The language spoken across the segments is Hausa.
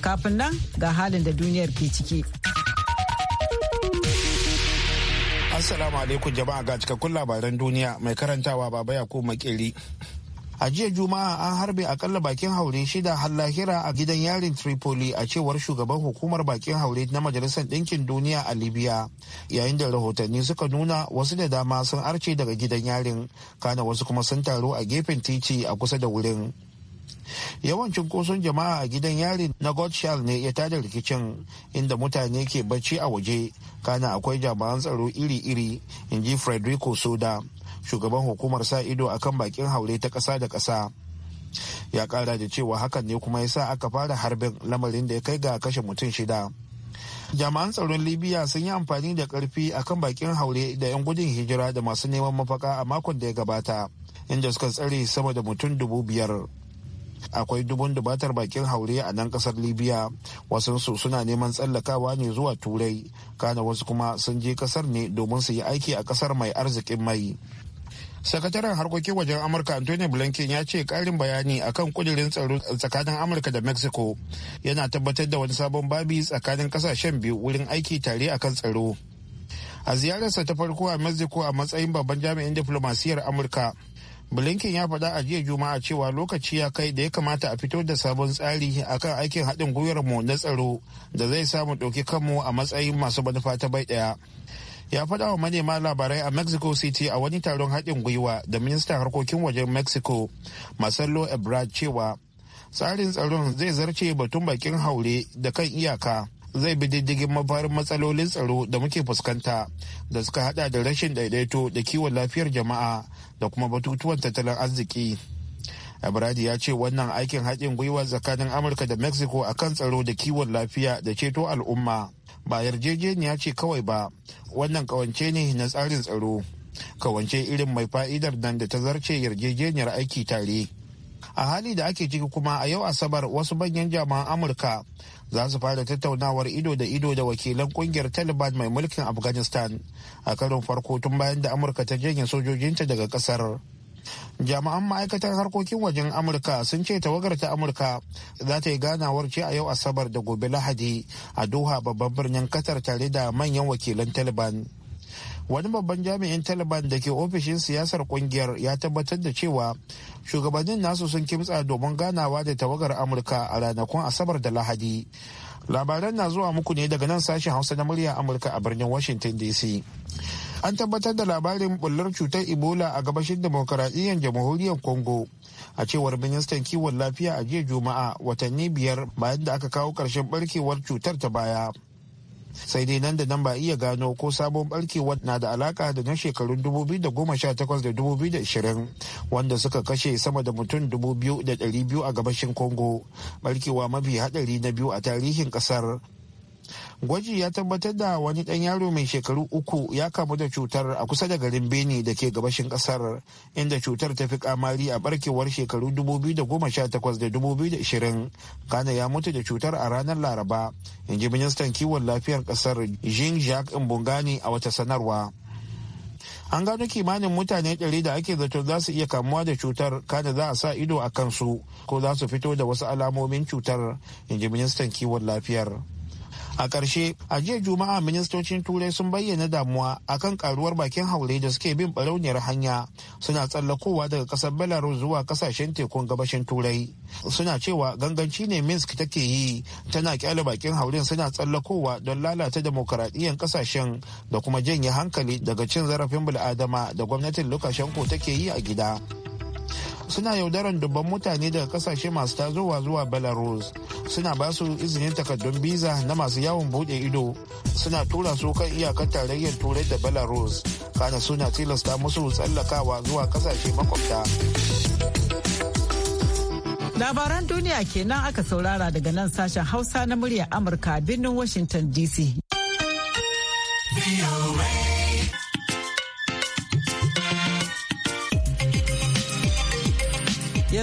Kafin nan ga halin da duniyar ke ciki. Assalamu alaikum jama'a ga cikakkun labaran duniya mai karantawa baba Yakubu Makeri. a jiya juma'a an harbe akalla bakin haure shida har lahira a gidan yarin tripoli a cewar shugaban hukumar bakin haure na majalisar ɗinkin duniya a libya yayin da rahotanni suka nuna wasu da dama sun arce daga gidan yarin kana wasu kuma sun taru a gefen titi a kusa da wurin yawancin koson jama'a a gidan yari na godshall ne ya tada rikicin inda mutane ke bacci a waje kana akwai jami'an tsaro iri-iri in ji frederico soda shugaban hukumar sa ido akan bakin haure ta kasa da kasa. ya kara da cewa hakan ne kuma ya sa aka fara harbin lamarin da ya kai ga kashe mutum shida jami'an tsaron libya sun yi amfani da karfi akan bakin haure da 'yan gudun hijira da masu neman mafaka a makon da ya gabata inda suka tsare sama da mutum dubu biyar akwai dubun dubatar bakin haure a nan kasar libya wasansu suna neman tsallakawa ne zuwa turai kana wasu kuma sun je kasar ne domin su yi aiki a kasar mai arzikin mai sakataren harkokin wajen amurka Antonio blinken ya ce karin bayani akan kudirin tsaro tsakanin amurka da mexico yana tabbatar da wani sabon babi tsakanin kasashen biyu wurin aiki tare akan tsaro a ziyararsa ta farko a mexico a matsayin babban jami'in diflomasiyyar amurka blinken ya faɗa a jiya juma'a cewa lokaci ya kai da ya kamata a fito da sabon tsari akan aikin haɗin gwiwar mu na tsaro da zai samu ɗauki kanmu a matsayin masu manufa ta bai ɗaya ya faɗa wa manema labarai a mexico city a wani taron haɗin gwiwa da ministan harkokin wajen mexico marcelo ebrard cewa tsarin tsaron zai zarce batun bakin haure da kan iyaka zai bi diddigin mafarin matsalolin tsaro da muke fuskanta da suka hada da rashin daidaito da kiwon lafiyar jama'a da kuma batutuwan tattalin arziki. Abradi ya ce wannan aikin haɗin gwiwa tsakanin Amurka da Mexico a kan tsaro da kiwon lafiya da ceto al'umma ba yarjejeniya ce kawai ba wannan kawance ne na tsarin tsaro kawance irin mai fa'idar nan da ta zarce yarjejeniyar aiki tare. a hali da ake ciki kuma a yau asabar wasu manyan jami'an amurka za su fara tattaunawar ido da ido da wakilan kungiyar taliban mai mulkin afghanistan a karin farko tun bayan da amurka ta janye sojojinta daga kasar jami'an ma'aikatar harkokin wajen amurka sun ce tawagar ta amurka za ta yi ganawar ce a yau asabar da gobe lahadi a doha babban birnin qatar tare da manyan wakilan taliban wani babban jami'in taliban da ke ofishin siyasar kungiyar ya tabbatar da cewa shugabannin nasu sun kimtsa domin ganawa da tawagar amurka a ranakun asabar da lahadi labaran na zuwa muku ne daga nan sashen hausa na murya amurka a birnin washington dc an tabbatar da labarin bullar cutar ebola a gabashin demokaradiyyar jamhuriyar congo a cewar ministan kiwon lafiya a jiya juma'a watanni biyar bayan da aka kawo ƙarshen barkewar cutar ta baya sai dai nan da nan ba iya gano ko sabon barkewa na da alaka da na shekarun 2018 da 2020 wanda suka kashe sama da mutum 2,200 a gabashin congo barkewa mafi hadari na biyu a tarihin kasar gwaji ya tabbatar da wani ɗan yaro mai shekaru uku ya kamu da cutar a kusa da garin beni da ke gabashin ƙasar inda cutar ta fi kamari a barkewar shekaru 2018 da 2020 kana ya mutu da cutar a ranar laraba in ji ministan kiwon lafiyar ƙasar jean jacques mbongani a wata sanarwa an gano kimanin mutane ɗari da ake zato za su iya kamuwa da cutar kada za a sa ido a kansu ko za su fito da wasu alamomin cutar in ji ministan kiwon lafiyar a ƙarshe a jiya juma'a ministocin turai sun bayyana damuwa akan karuwar bakin haure da suke bin barauniyar hanya suna tsallakowa daga ƙasar belarus zuwa ƙasashen tekun gabashin turai suna cewa ganganci ne minsk take yi tana kyale bakin hauren suna tsallakowa don lalata demokaradiyyar ƙasashen da kuma janye hankali daga cin zarafin bil'adama da gwamnatin lukashenko take yi a gida. suna yaudaran dubban mutane daga kasashe masu tazowa zuwa belarus suna ba su izinin takardun biza na masu yawon bude ido suna tura su kan iyakar tarayyar turai da belarus kana suna tilasta musu tsallakawa zuwa kasashe makwabta labaran duniya kenan aka saurara daga nan sashen hausa na murya amurka birnin washington dc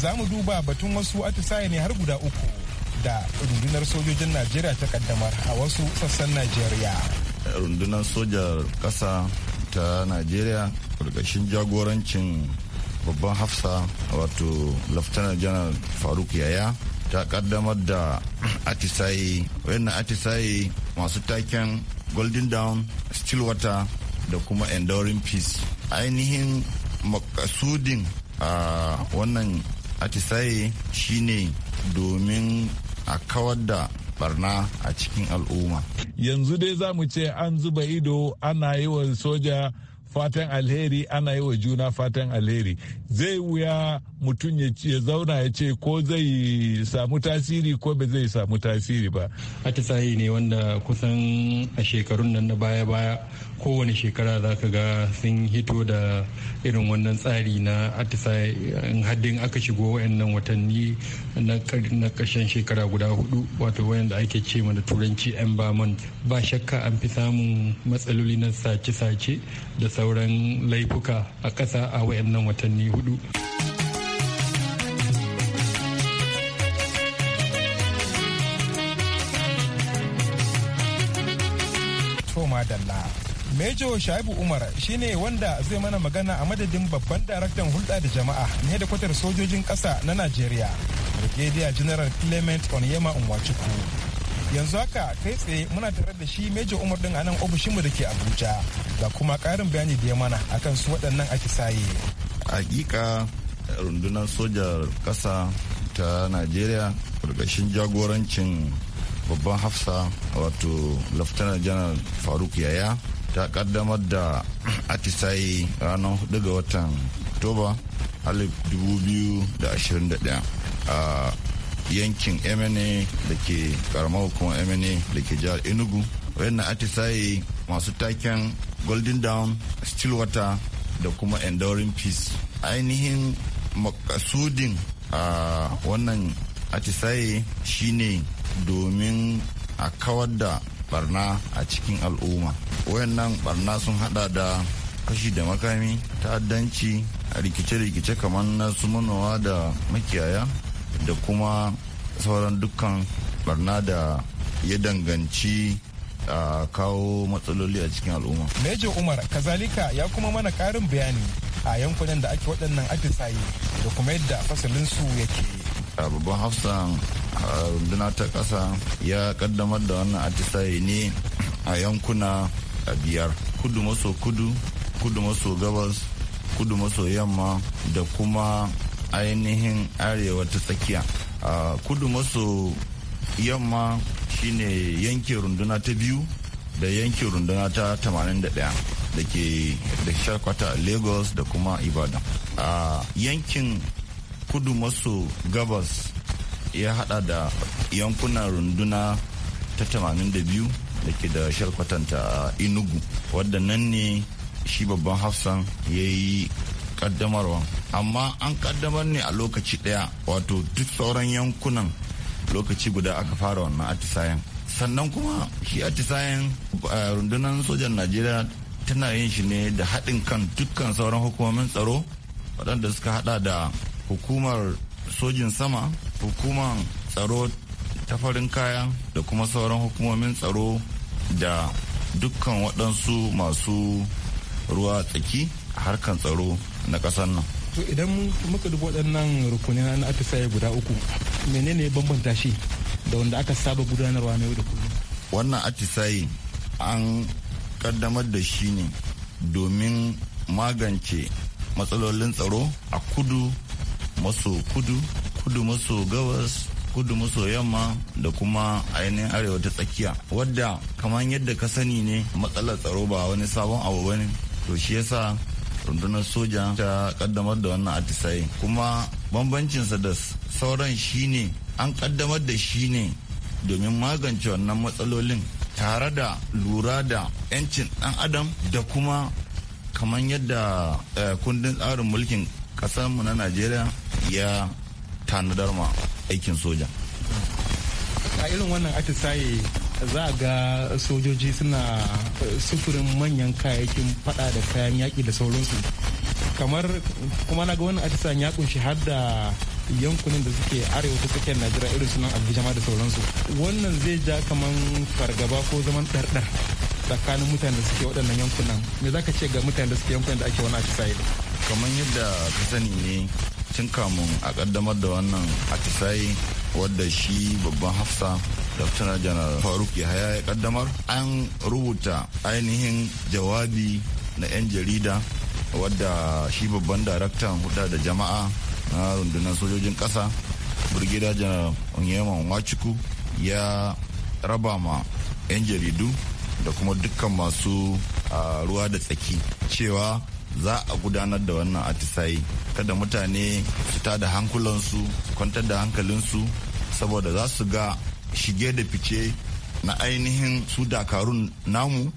za mu duba batun wasu atisaye ne har guda uku da rundunar sojojin najeriya ta kaddamar a wasu sassan najeriya rundunar sojar kasa ta najeriya ƙarƙashin jagorancin babban hafsa wato laftanar janar faruk yaya ta kaddamar da atisaye wayannan atisaye masu taken golden dawn stillwater da kuma enduring peace ainihin makasudin a wannan atisaye shine domin a kawar da barna a cikin al'umma yanzu dai za mu ce an zuba ido ana yi wa soja fatan alheri ana yi wa juna fatan alheri zai wuya mutum ya zauna ya ce ko zai samu tasiri ko ba zai samu tasiri ba atisaye ne wanda kusan a shekarun nan na baya-baya kowane shekara za ka ga sun hito da irin wannan tsari na atisayen haddin aka shigo wayannan watanni na ƙarshen shekara guda hudu wato wayanda ake ce mana turanci ba shakka an fi samun matsaloli na sace-sace da sauran laifuka a ƙasa a wayannan watanni hudu. madalla Mejo Shaibu Umar shine wanda zai mana magana a madadin babban daraktan hulɗa da jama'a ne da kwatar sojojin ƙasa na Najeriya. Brigadier General Clement Onyema Umwachukwu. yanzu haka kai tsaye muna tare da shi major umar din anan nan ofishinmu da ke abuja ga kuma karin bayani da ya mana akan su waɗannan atisaye hakika rundunar sojar ƙasa ta najeriya ƙarƙashin jagorancin babban hafsa wato lieutenant general faruk yaya ta kaddamar da atisaye ranar 4 ga watan oktoba 2021 a yankin emene da ke karamar hukumar emene da ke jihar enugu wayannan atisaye masu taken golden dawn stillwater da kuma enduring peace ainihin makasudin a wannan atisaye shine domin a kawar da barna a cikin al'umma wayannan barna sun hada da kashi da makami ta'addanci a rikice-rikice kamar na su manowa da makiyaya da kuma sauran dukkan barna da ya danganci a kawo matsaloli a cikin al'umma. Mejo Umar kazalika ya kuma mana karin bayani a yankunan da ake waɗannan atisaye da kuma yadda fasalinsu yake. babban hafsan runduna ta ƙasa ya ƙaddamar da wannan atisaye ne a yankuna a biyar kudu maso kudu kudu maso gabas kudu maso yamma da kuma ainihin arewa ta tsakiya kudu maso yamma shine yanke runduna ta biyu da yanke runduna ta 81 da ke da shakwata lagos da kuma ibadan a yankin kudu maso gabas ya hada da yankunan runduna ta 82 da ke da sharkwatanta a inugu wadda nan ne shi babban hafsan ya yi kaddamarwa amma an kaddamar ne a lokaci daya wato duk sauran yankunan lokaci guda aka fara wannan atisayen sannan kuma shi atisayen rundunar sojan najeriya tana yin shi ne da haɗin kan dukkan sauran hukumomin tsaro waɗanda suka hada da hukumar sojin sama hukumar tsaro ta farin kaya da kuma sauran hukumomin tsaro da dukkan waɗansu masu ruwa tsaki harkan tsaro na ƙasar nan to idan muka duba waɗannan rukunin na atisaye guda uku menene bambanta shi da wanda aka saba gudanarwa na yau da kullum wannan atisaye an ƙaddamar da shi ne domin magance matsalolin tsaro a kudu maso kudu kudu maso gabas kudu maso yamma da kuma ainihin arewa ta tsakiya wadda kamar yadda ka sani ne matsalar tsaro ba wani sabon abu bane to shi yasa rundunar soja ta kaddamar da wannan atisaye kuma bambancinsa da sauran shine an kaddamar da shi ne domin magance wannan matsalolin tare da lura da 'yancin dan adam da kuma kamar yadda eh, kundin tsarin mulkin mu na najeriya ya tanadar ma aikin soja a irin wannan atisaye za a ga sojoji suna eh, sufurin manyan kayayyakin fada da kayan yaƙi da sauransu kamar kuma na ga wannan atisan ya kunshi har da yankunan da suke arewa ta tsakiyar najira irin sunan abuja da sauransu wannan zai ja kaman fargaba ko zaman ɗarɗar tsakanin mutanen da suke waɗannan yankunan me za ka ce ga mutanen da suke yankunan da ake wani atisaye kamar yadda ka sani ne tun kamun a kaddamar da wannan atisaye wadda shi babban hafsa Dr. janar faruk yahaya ya kaddamar an rubuta ainihin jawabi na 'yan jarida wadda shi babban daraktan huda da jama'a na rundunar sojojin ƙasa burgida janar onyema wachuku ya raba ma 'yan jaridu da kuma dukkan masu ruwa da tsaki cewa za a gudanar da wannan atisayi kada mutane fita da hankulansu kwantar da hankalinsu saboda za su ga shige da fice na ainihin su dakarun namu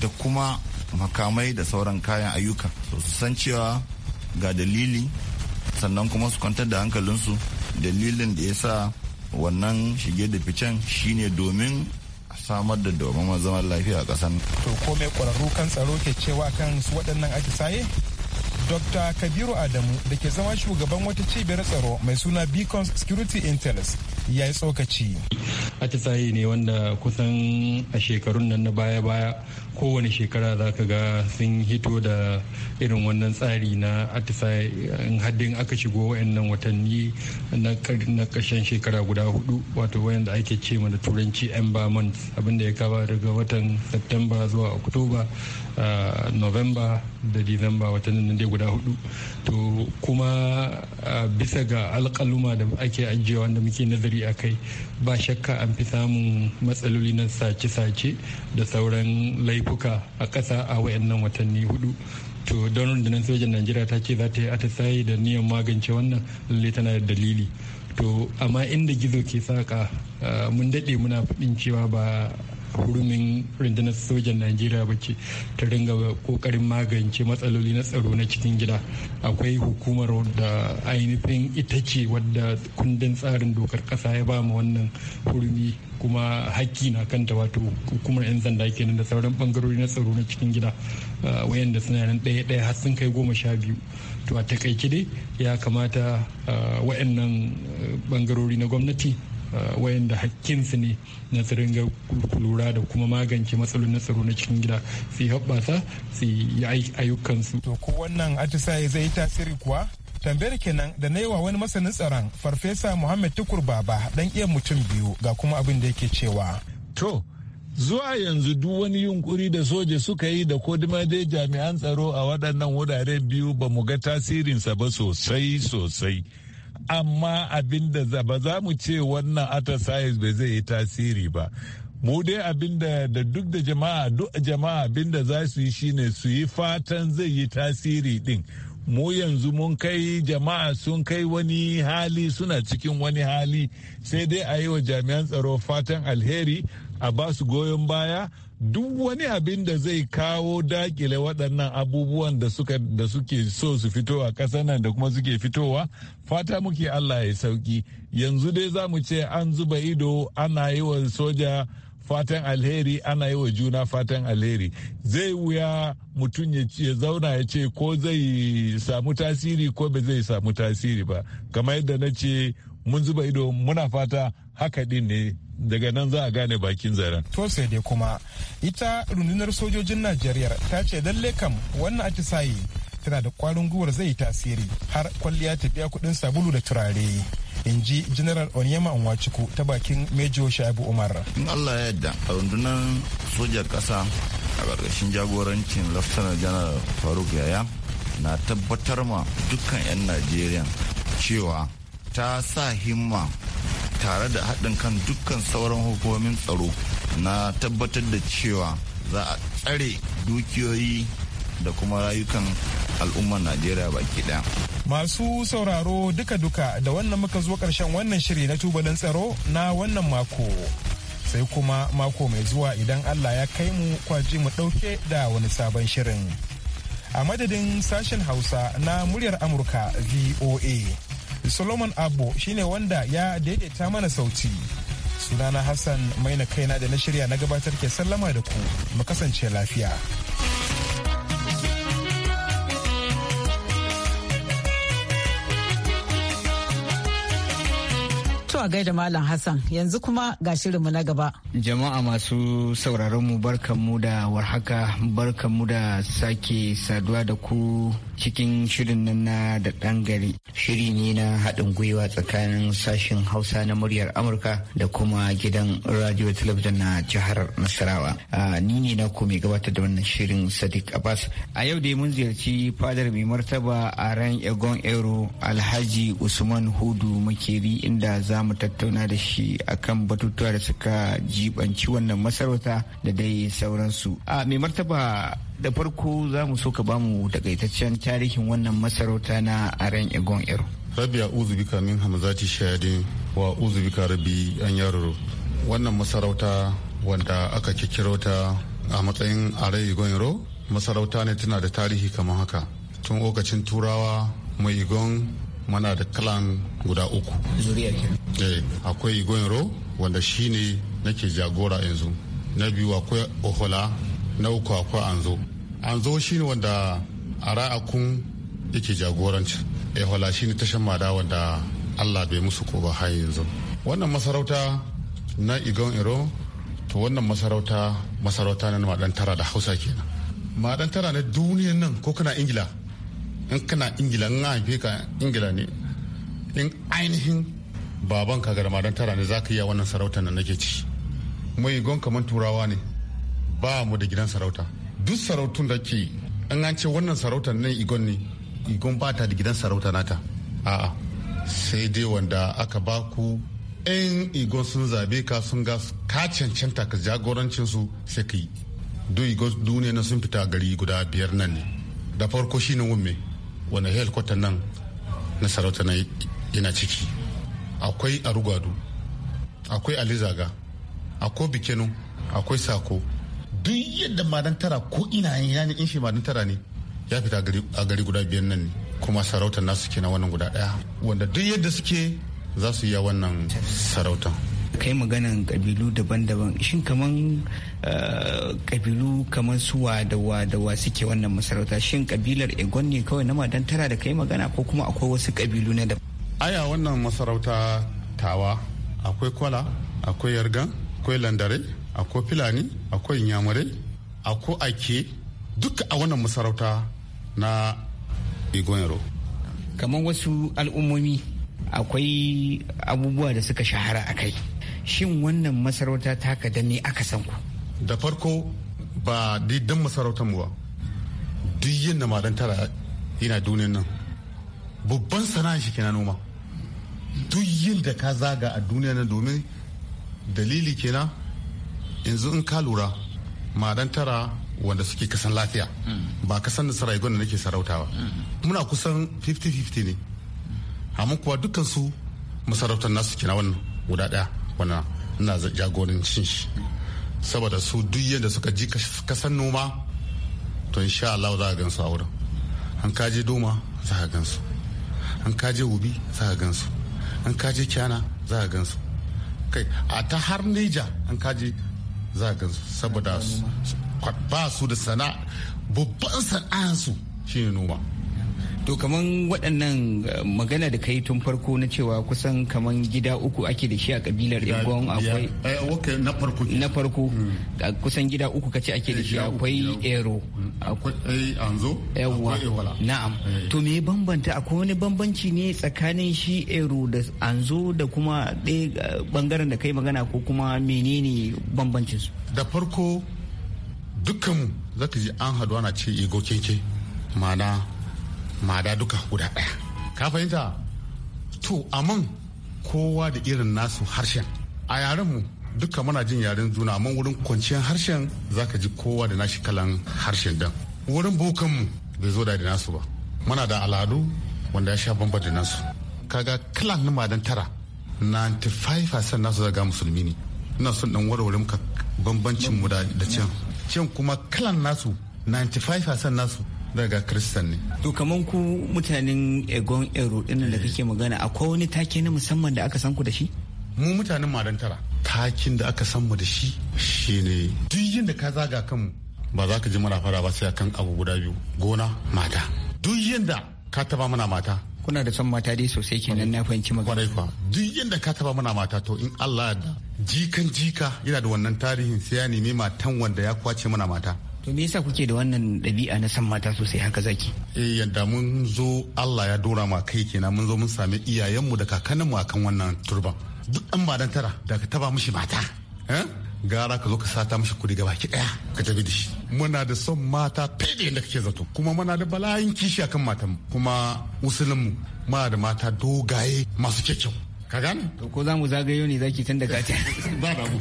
da kuma makamai da sauran kayan ayyuka su san cewa ga dalili sannan kuma su kwantar da hankalinsu dalilin da ya sa wannan shige da ficen shine domin samar da domin zaman lafiya a kasan. To ko mai ƙwararru kan tsaro ke cewa kan su waɗannan atisaye? Dr. Kabiru Adamu da ke zama shugaban wata cibiyar tsaro mai suna Beacons Security Intelligence ya yi tsokaci. Atisaye ne wanda kusan a shekarun nan na baya-baya kowane shekara za ka ga sun hito da irin wannan tsari na atisaye haddin aka shigo wayannan watanni na ƙarshen shekara guda hudu wato wayanda ake ce mana turanci environment abinda ya kaba daga watan Septemba zuwa Oktoba november da disamba watannin nan dai guda hudu to kuma bisa ga alkaluma da ake ajiyewa wanda muke nazari a kai ba shakka an fi samun matsaloli na sace-sace da sauran laifuka a ƙasa a wayannan watanni hudu to don rundunar sojan najeriya ta ce za ta yi atisaye da niyan magance wannan lalle tana da dalili to amma inda gizo ke saka mun daɗe muna faɗin cewa ba hurumin rundunar sojan najeriya ba ce ta ringa kokarin magance matsaloli na tsaro na cikin gida akwai hukumar da ainihin ita ce wadda kundin tsarin dokar kasa ya ba mu wannan hurumi kuma haƙƙi na kanta wato hukumar 'yan ke kenan da sauran bangarori na tsaro na cikin gida ah, wayanda suna nan ɗaya ɗaya har sun kai goma sha biyu to a takaice dai ya kamata ah, wayannan ah, bangarori na gwamnati Eh, wayanda hakkinsu ne na su ringa lura da kuma magance matsalolin tsaro na cikin gida su yi hoɓɓasa su yi ayyukansu. To ko wannan atisaye zai yi tasiri kuwa? tambayar kenan da na yi wa wani masanin tsaron farfesa muhammad tukur baba dan iya mutum biyu ga kuma abin da yake cewa to zuwa yanzu duk wani yunkuri da soja suka yi da kodima dai jami'an tsaro a waɗannan wurare biyu ba mu ga tasirinsa ba sosai sosai amma abin da ba za mu ce wannan exercise bai zai yi tasiri ba mu dai abinda da duk da jama'a duk jama'a abinda za su yi shine su yi fatan zai yi tasiri din mu yanzu mun kai jama'a sun kai wani hali suna cikin wani hali sai dai a yi wa jami'an tsaro fatan alheri a ba su goyon baya duk wani abin da zai kawo dakile waɗannan abubuwan da suke da suke so su fito a ƙasar nan da kuma suke fitowa fata muke Allah ya sauki yanzu dai za mu ce an zuba ido ana yi wa soja fatan alheri ana yi wa juna fatan alheri zai wuya mutum ya zauna ya ce ko zai samu tasiri ko ba zai samu tasiri ba kamar yadda na ce mun zuba ido muna fata haka din ne daga nan za a gane bakin zaren. To sai dai kuma ita rundunar sojojin Najeriya ta ce lalle kam wannan atisaye tana da kwarin gwiwar zai tasiri har kwalliya ta biya kuɗin sabulu da turare. in ji general onyema onwachuku ta bakin mejo shaibu umar in allah ya yadda a rundunar sojan ƙasa a ƙarƙashin jagorancin lieutenant general faruk yaya na tabbatar ma dukkan 'yan najeriya cewa ta sa himma tare da haɗin kan dukkan sauran hukumomin tsaro na tabbatar da cewa za a tsare dukiyoyi da kuma rayukan al'ummar najeriya baki ɗaya. masu sauraro duka-duka da wannan muka zo ƙarshen wannan shiri na tubalin tsaro na wannan mako sai kuma mako mai zuwa idan allah ya kai mu kwaji mu ɗauke da wani sabon shirin a madadin sashen hausa na muryar amurka voa solomon abbo shine wanda ya daidaita mana sauti sunana hassan maina kaina da na shirya na gabatar ke sallama da ku mu kasance lafiya To a gaida Malam Hassan yanzu kuma ga shirinmu na gaba. Jama'a masu sauraron mu barkanmu da warhaka barkanmu da sake saduwa da ku cikin shirin nan na da ɗan gari. Shiri ne na haɗin gwiwa tsakanin sashen Hausa na muryar Amurka da kuma gidan radio talabijin na jihar Nasarawa. Ni ne na ku mai gabatar da wannan shirin Sadiq Abbas. A yau dai mun ziyarci fadar mai martaba a ran Egon Ero Alhaji Usman Hudu Makeri inda za mu tattauna da shi akan batutuwa da suka jibanci wannan masarauta da dai sauransu a mai martaba da farko za mu so ka ba bamu takaitaccen tarihin wannan masarauta na aren egon ero rabia uzubika min hamzati shayadin wa uzubika rabi an yaro. wannan masarauta wanda aka kikiro ta a matsayin are egon ero masarauta ne tana da tarihi kamar haka tun lokacin turawa mai igon Mana da clan guda uku eh, akwai goyinro wanda shi ne nake jagora yanzu na biyu akwai ohola na uku akwai anzo anzo shi ne wanda a ra'akun yake jagoranci ehola ne tashan mada wanda allah bai musu ko ba har yanzu wannan masarauta na igon Ero, to wannan masarauta masarauta na madan tara da hausa kenan madan tara na duniyan nan ko kana ingila in kana ingila in haife ka ingila ne in ainihin baban ka garma don tara ne za ka iya wannan sarautar na nake ci mai gon kamar turawa ne ba mu da gidan sarauta duk sarautun da ke an an ce wannan sarautar nan igon ne igon ba ta da gidan sarauta nata a'a sai dai wanda aka ba ku yan igon sun zabe ka sun ga ka cancanta ka jagorancin su sai ka yi duk igon duniya na sun fita gari guda biyar nan ne da farko shine wumme wani helikwata nan na sarauta na yana ciki akwai arugwadu akwai alizaga akwai bikinu akwai sako duk yadda madan tara ko ina yanayin in shi madan tara ne ya fita a gari guda biyan nan ne kuma sarautar nasu kenan wannan guda daya wanda duk yadda suke za su iya wannan sarautar kai maganan kabilu daban-daban shin kaman kabilu eh, kaman su wa da wa da wa suke wannan masarauta shin kabilar egon ne kawai na madan tara da kai magana ko kuma akwai wasu kabilu na daban aya wannan masarauta tawa akwai kwala akwai yargan akwai landare akwai filani akwai nyamare akwai ake duka a wannan masarauta na egon yaro kamar wasu al'ummomi akwai abubuwa da suka shahara a kai shin wannan masarauta ta da me aka san ku da farko ba didan masarautar mu ba duk yin da malan tara yana duniyan nan babban sana'a shi kenan noma duk yin da ka zaga a duniya nan domin dalili kenan yanzu in ka lura malan tara wanda suke kasan lafiya ba kasan da saraygon da nake sarauta ba muna kusan 50-50 ne amma kuwa dukansu masarautar nasu kina wannan guda daya kuna ina jagorancin shi saboda su duk yadda suka ji kasan noma to insha Allah za a gansu a wurin an kaje doma za a gansu an kaje wubi za a gansu an kaje kyana za a gansu kai a ta har nija an kaje za a gansu saboda ba su da sana'a babban sana'ansu shine noma to kaman waɗannan eh, magana da kai tun farko na cewa kusan kaman gida uku ake da shi a kabilar Igbo akwai eh, na farko na farko hmm. kusan gida uku kace ake da shi akwai ero hmm. akwai eh, anzo yawa na'am to me bambanta akwai wani bambanci ne tsakanin shi ero da anzo da kuma ɗaya bangaren da kai magana ko kuma menene bambancin su da farko dukkanmu zaka ji an haɗu ana ce igo keke ma'ana mada duka guda ɗaya ka fahimta to amman kowa da irin nasu harshen a yaren mu duka muna jin yaren juna amma wurin kwanciyar harshen zaka ji kowa da nashi kalan harshen dan wurin bokan mu bai zo da nasu ba muna da al'adu wanda ya sha bamba da nasu kaga kalan na madan tara 95% nasu zaga musulmi ne ina son dan warware muka bambancin mu da can can kuma kalan nasu 95% nasu daga kristan ne to kamar ku mutanen egon ero din da kake magana akwai wani take na musamman da aka san ku da shi mu mutanen madantara takin da aka san mu da shi shine duk da ka zaga kanmu ba za ka ji mana fara ba sai akan abu guda biyu gona mata duk da ka taba mana mata kuna da son mata dai sosai kenan na fahimci magana kwarai duk da ka taba mana mata to in Allah ya da jikan jika yana da wannan tarihin sai ya nemi matan wanda ya kwace mana mata To me yasa kuke da wannan ɗabi'a na san mata sosai haka zaki? Eh yadda mun zo Allah ya dora ma kai kenan mun zo mun sami iyayenmu da kakanninmu a kan wannan turban. Duk ɗan ba dan tara da ka taba mishi mata. Eh? gara ka zo ka sata mashi kuɗi gaba ki ɗaya ka tafi da shi muna da son mata fiye da kake zato kuma muna da bala'in kishi akan matan kuma musulunmu muna da mata dogaye masu kyakkyau ka gane to ko za mu zagayo ne zaki tun da ba ba mu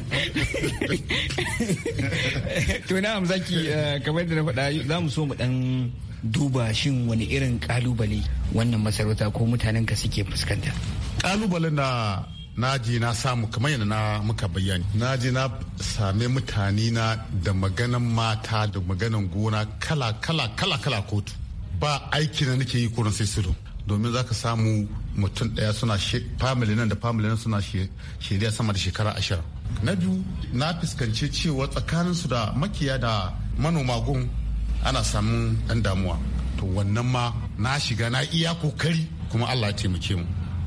to na'am zaki eh, kamar da na faɗa za mu so mu dan duba shin wani irin kalubale wannan masarauta ko mutanen ka suke fuskanta kalubalen na na je na samu kamar yadda na muka bayani na je na same mutane na da maganan mata da maganan gona kala kala kala kala kotu ba aiki na nake yi kurin sai sudu domin za ka samu mutum daya suna family nan da family nan suna shirya sama da shekara ashirin na biyu na fuskanci cewa tsakaninsu da makiya da manoma gun ana samun ɗan damuwa to wannan ma na shiga na iya kokari kuma allah ya taimake mu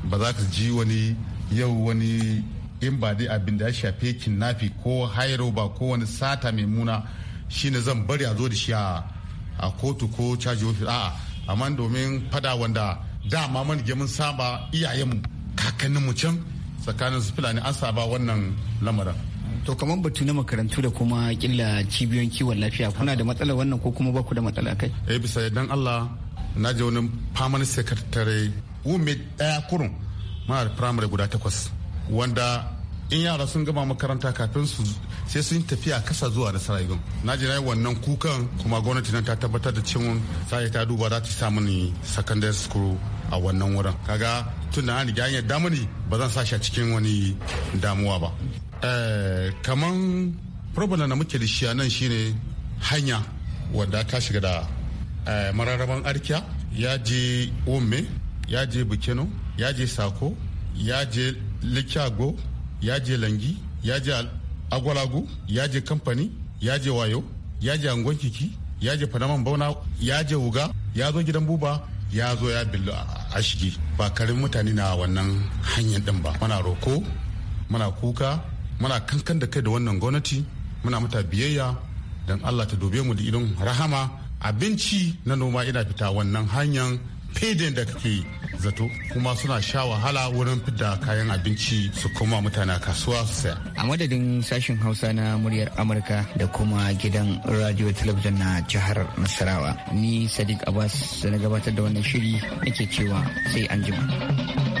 ba za ka ji wani yau wani in ba dai abin da ya shafe kinnafi ko hairo ba ko wani sata mai muna shine zan bari a zo da shi a kotu ko caji ofis a'a amma domin fada wanda dama mun je mun saba iyayenmu kakanninmu can tsakanin su fulani an saba wannan lamarin to kamar batu na makarantu da kuma killa cibiyoyin kiwon lafiya kuna da matsala wannan ko kuma ba ku da matsala kai eh bisa dan Allah na je wani permanent secretary wumi daya kurun muna da primary guda takwas wanda in yara sun gama makaranta kafin su sai sun tafiya kasa zuwa da sarayin na ji yi wannan kukan kuma gwamnati nan ta tabbatar da cewa sai ta duba za ta samu ni secondary school a wannan wurin kaga tun da an riga an mani ba zan sa shi a cikin wani damuwa ba eh, kaman problem da muke da shi a nan shine hanya wadda ta shiga da eh, mararraban arkiya ya je ome ya je bukino ya je sako ya je likyago ya je langi ya je agwalagu ya je kamfani ya je wayo ya je angon kiki ya je fadaman bauna ya je wuga ya zo gidan buba ya zo ya billu a shigi ba karin mutane na wannan hanyar din ba muna roko muna kuka muna kankan da kai da wannan gwamnati muna mata biyayya don allah ta dobe mu da idon rahama abinci na noma ina fita wannan hanyar fedin da kake zato kuma suna sha wahala wurin fidda kayan abinci su koma mutane kasuwa su saya. A madadin sashen Hausa na muryar Amurka da kuma gidan radio talabijin na jihar Nasarawa. Ni Sadiq Abbas na gabatar da wannan shiri nake cewa sai an jima.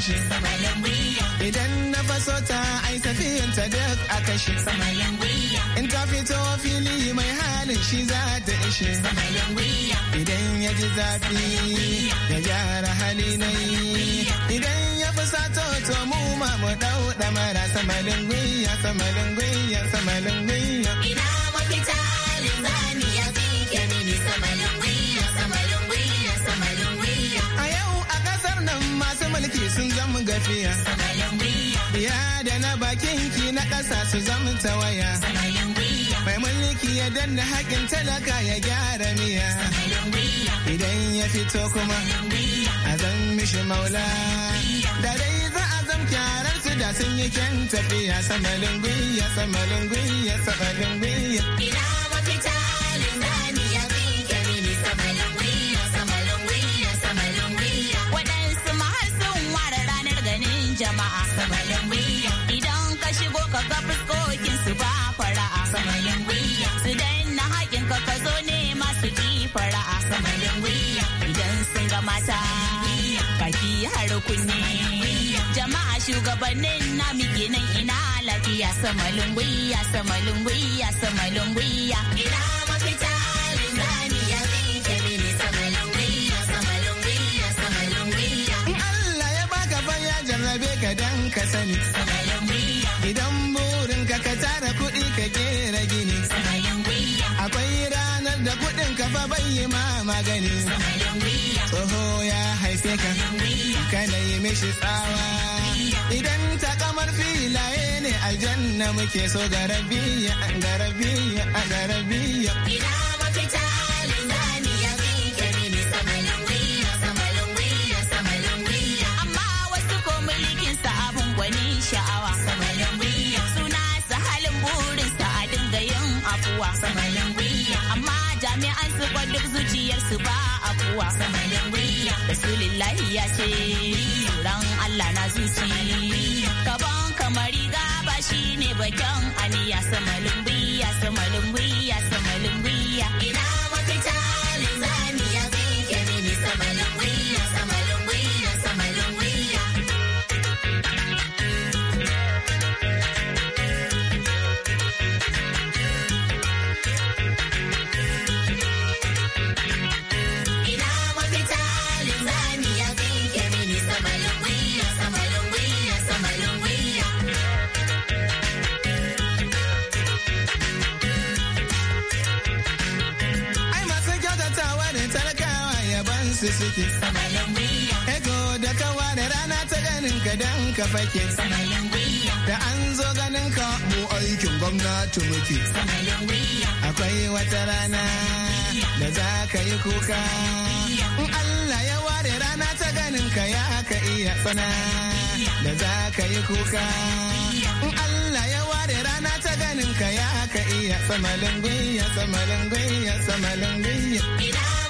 kashe idan na faso ta ai tafiyan ta duk a kashe in ta fito fili mai halin shi za ta ishe idan ya ji zafi ya gyara hali yi. idan ya fusato to mu ma mu dau damara samalin gwiya samalin gwiya samalin gwiya ina mafita linzani ya fi mini samalin Gwamnan masu mulki sun zama gafiya. Ya da na bakin ki na ƙasa su zama tawaya. Mai mulki ya danna haƙin talaka ya gyara miya. Idan ya fito kuma a zan mishi maula. Da dai za a zam kyarar su da sun yi kyan tafiya. Samalin gwiya, samalin gwiya, samalin gwiya. kunni jama'a shugabannin namu kenan ina lafiya sama lunguya sama lunguya sama lunguya ina mafita linzani ya tsinke mini sama lunguya sama lunguya sama lunguya in Allah ya baka fanya jarrabe ka dan ka sani sama lunguya idan fa bai yi ma magani tsoho ya haife ka kana yi mishi tsawa idan ta kamar filaye ne aljanna muke so garabiya garabiya garabiya ba duk zuciyarsu ba abuwa sanayin wiya rasulillahi ya ce ran Allah na zuci kaban kamari gaba shine bakin aniya samalin ka fake da an zo ganin ka mu aikin gwamnati muke akwai wata rana da za ka yi kuka in Allah ya ware rana ta ganin ka ya ka iya tsana da za ka yi kuka in Allah ya ware rana ta ganin ka ya ka iya samalin gwiya samalin gwiya samalin gwiya